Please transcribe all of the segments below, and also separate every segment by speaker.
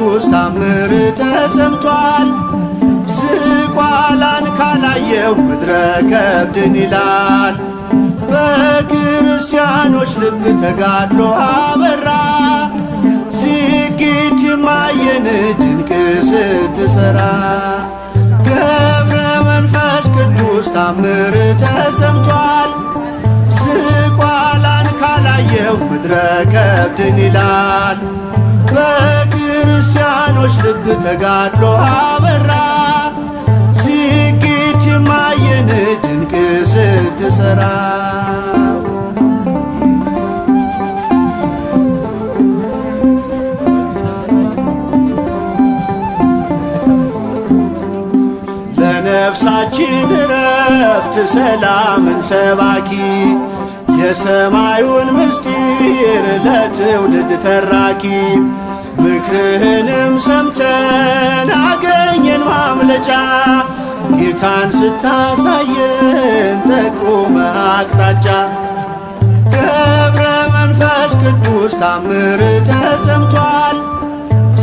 Speaker 1: ቅዱስ ታምር ተሰምቷል። ዝቋላን ካላየው ምድረ ከብድን ይላል። በክርስቲያኖች ልብ ተጋድሎ አበራ። ዝጊት ማየን ድንቅ ስትሰራ ገብረ መንፈስ ቅዱስ ታምር ልብ ተጋድሎ አበራ ዝግጅ ማየን ድንቅ ስትሰራ ነፍሳችን ረፍት ሰላምን ሰባኪ የሰማዩን ምስጢር ለትውልድ ተራኪ ምክርህን ሰምተን አገኘን ማምለጫ ጌታን ስታሳየን ጠቁመ አቅጣጫ ገብረ መንፈስ ቅዱስ ታምር ተሰምቷል።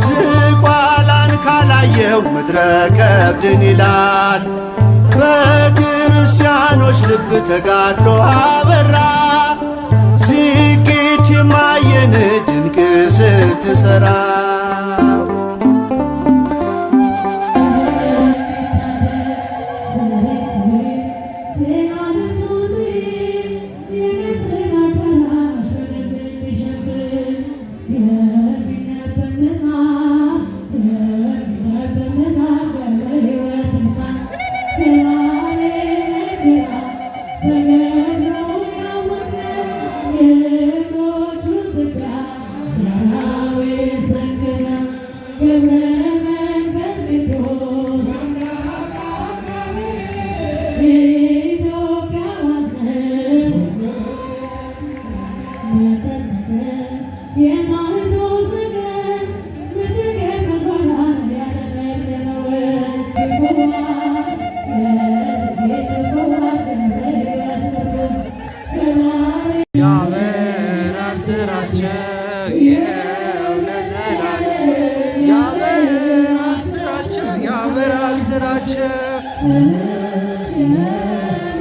Speaker 1: ዝቋላን ካላየው ምድረ ከብድን ይላል። በክርስቲያኖች ልብ ተጋድሎ አበራ ሲኬት የማየን ድንቅ ስትሠራ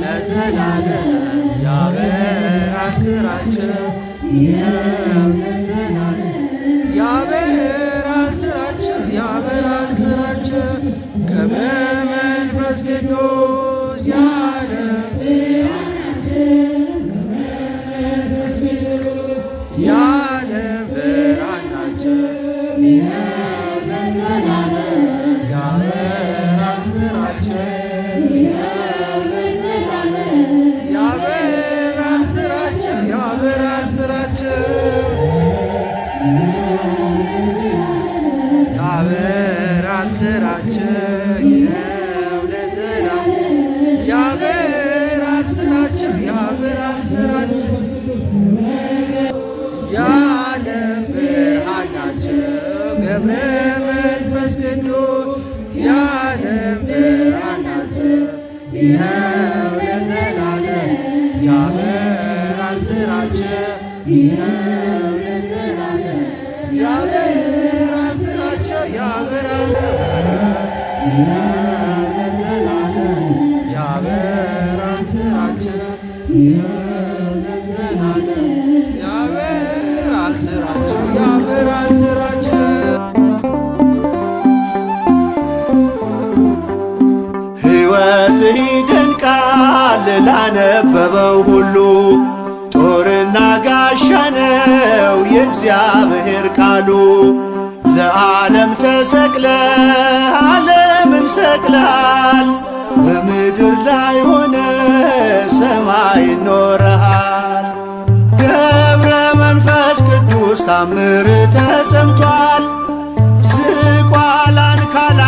Speaker 1: ለዘላለም ያበራል ስራቸው ለዘላለም ያበራል ስራቸው ያበራል ስራቸው ገብረ መንፈስ ቅዱስ ይኸው ለዘላለም ያበራል ስራቸው ይኸው ለዘላለም ያበራል ስራቸው ያበራል ይኸው ለዘላለም ያበራል ስራቸው ያበራል ስራቸው ሕይወትህ ይደንቃል ላነበበው ሁሉ ጦርና ጋሻ ነው የእግዚአብሔር ቃሉ። ለዓለም ተሰቅለ ዓለምን ሰቅላል በምድር ላይ ሆነ ሰማይ ይኖረሃል። ገብረ መንፈስ ቅዱስ ታምር ተሰምቷል ዝቋ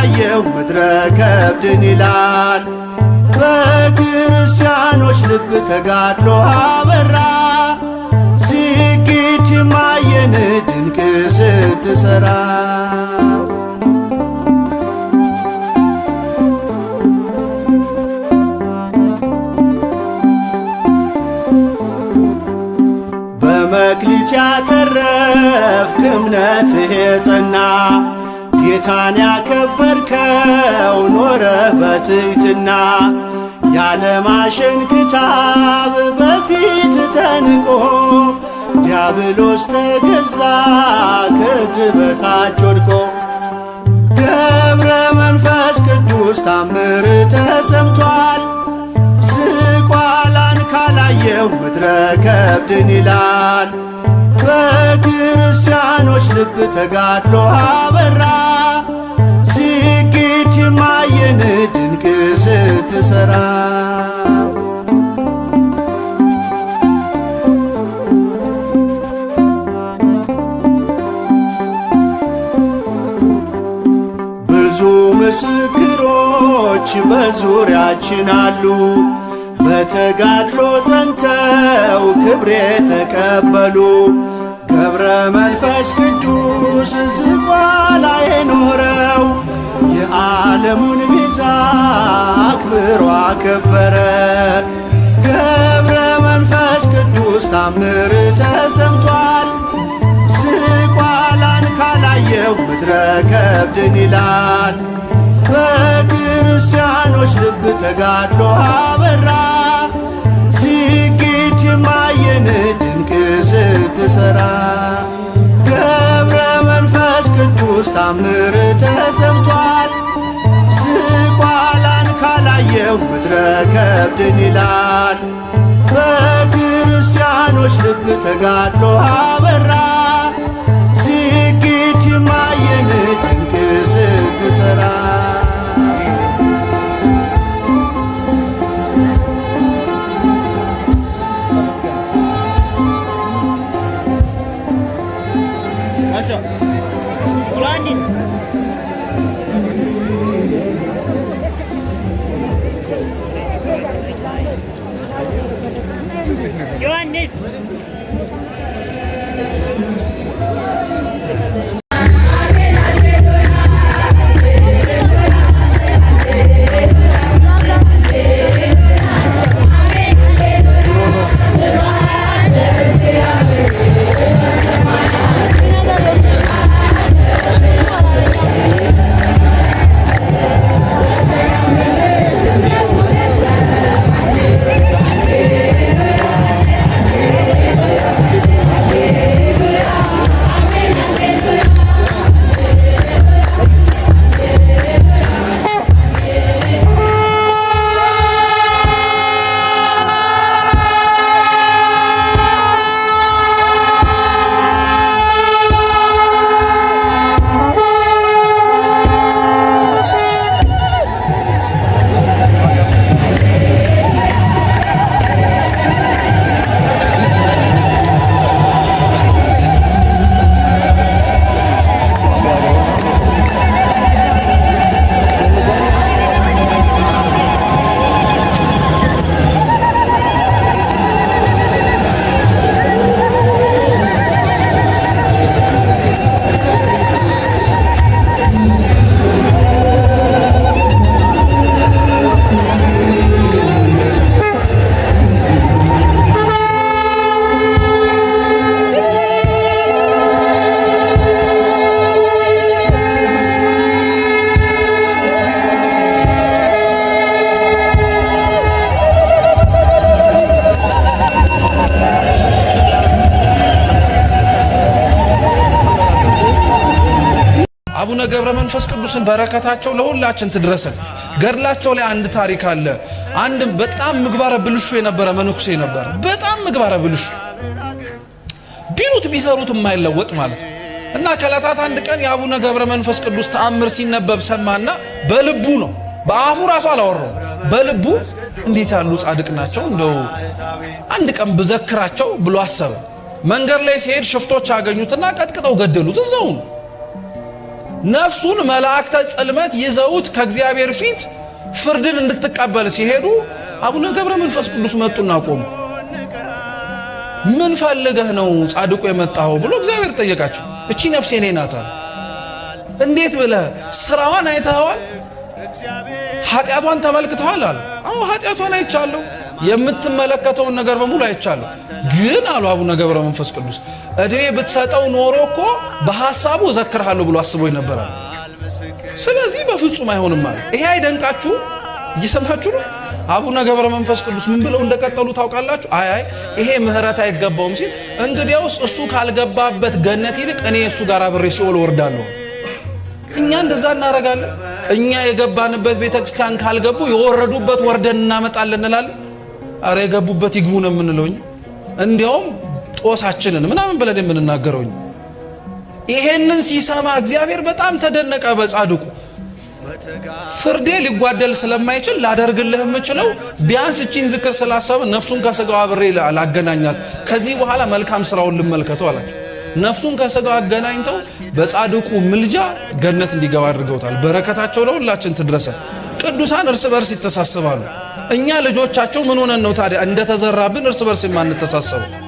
Speaker 1: ያየው ምድረ ከብድን ይላል በክርስቲያኖች ልብ ተጋድሎ አበራ ዝግጅ ማየን ድንቅ ስትሰራ በመክሊት ያተረፍክ እምነትህ የጸና ጌታን ያከበርከው ኖረ በትህትና ያለማሽን ክታብ በፊት ተንቆ ዲያብሎስ ተገዛ ከእግር በታች ወድቆ ገብረ መንፈስ ቅዱስ ታምር ተሰምቷል። ዝቋላን ካላየው ምድረ ከብድን ይላል ክርስቲያኖች ልብ ተጋድሎ አበራ ዝግጅ ማየን ድንቅ ስትሰራ ብዙ ምስክሮች በዙሪያችን አሉ በተጋድሎ ጸንተው ክብር የተቀበሉ ገብረ መንፈስ ቅዱስ ዝቋላ የኖረው የዓለሙን ቤዛ አክብሮ አከበረ። ገብረ መንፈስ ቅዱስ ታምር ተሰምቷል። ዝቋላን ካላየው ምድረ ከብድን ይላል። በክርስቲያኖች ልብ ተጋድሎ አበራ። ሲጌት የማየን ድንቅ የምትሠራ ገብረ መንፈስ ቅዱስ ታምር ተሰምቷል። ዝቋላን ካላየው ምድረ ከብድን ይላል። በክርስቲያኖች ልብ ተጋድሎ አበራ ሲጊት ማየን ድንቅ ስትሠራ Gracias. አቡነ ገብረ መንፈስ ቅዱስን በረከታቸው ለሁላችን ትድረሰን። ገድላቸው ላይ አንድ ታሪክ አለ። አንድ በጣም ምግባረ ብልሹ የነበረ መነኩሴ ነበር። በጣም ምግባረ ብልሹ ቢሉት ቢሰሩት የማይለወጥ ማለት ነው። እና ከዕለታት አንድ ቀን የአቡነ ገብረ መንፈስ ቅዱስ ተአምር ሲነበብ ሰማና በልቡ ነው፣ በአፉ ራሱ አላወራው፣ በልቡ እንዴት ያሉ ጻድቅ ናቸው፣ እንደው አንድ ቀን ብዘክራቸው ብሎ አሰበ። መንገድ ላይ ሲሄድ ሽፍቶች አገኙትና ቀጥቅጠው ገደሉት እዛው ነው። ነፍሱን መላእክተ ጽልመት ይዘውት ከእግዚአብሔር ፊት ፍርድን እንድትቀበል ሲሄዱ አቡነ ገብረ መንፈስ ቅዱስ መጡና ቆሙ። ምን ፈልገህ ነው ጻድቁ የመጣው ብሎ እግዚአብሔር ጠየቃቸው። እቺ ነፍስ የኔ ናት አለ። እንዴት ብለ ስራዋን አይተኸዋል? ኃጢአቷን ተመልክተዋል አለ። አዎ ኃጢአቷን አይቻለሁ። የምትመለከተውን ነገር በሙሉ አይቻለሁ። ግን አሉ አቡነ ገብረ መንፈስ ቅዱስ እድሜ ብትሰጠው ኖሮ እኮ በሐሳቡ እዘክርሃለሁ ብሎ አስቦ ይነበራል። ስለዚህ በፍጹም አይሆንም አለ። ይሄ አይደንቃችሁ? እየሰማችሁ ነው። አቡነ ገብረ መንፈስ ቅዱስ ምን ብለው እንደቀጠሉ ታውቃላችሁ? አይ አይ ይሄ ምህረት አይገባውም ሲል እንግዲያውስ እሱ ካልገባበት ገነት ይልቅ እኔ እሱ ጋር አብሬ ሲኦል ወርዳለሁ። እኛ እንደዛ እናረጋለን። እኛ የገባንበት ቤተክርስቲያን ካልገቡ የወረዱበት ወርደን እናመጣለን እንላለን። አረ የገቡበት ይግቡ ነው የምንለው። እንዲያውም ጦሳችንን ምናምን ብለን የምንናገረውኝ። ይሄንን ሲሰማ እግዚአብሔር በጣም ተደነቀ። በጻድቁ ፍርዴ ሊጓደል ስለማይችል ላደርግልህ የምችለው ቢያንስ እቺን ዝክር ስላሰብ ነፍሱን ከስጋው አብሬ ላገናኛት፣ ከዚህ በኋላ መልካም ስራውን ልመልከተው አላቸው። ነፍሱን ከስጋው አገናኝተው በጻድቁ ምልጃ ገነት እንዲገባ አድርገውታል። በረከታቸው ለሁላችን ትድረሰ። ቅዱሳን እርስ በርስ ይተሳስባሉ። እኛ ልጆቻችሁ ምን ሆነን ነው ታዲያ እንደተዘራብን እርስ በርስ የማንተሳሰቡ?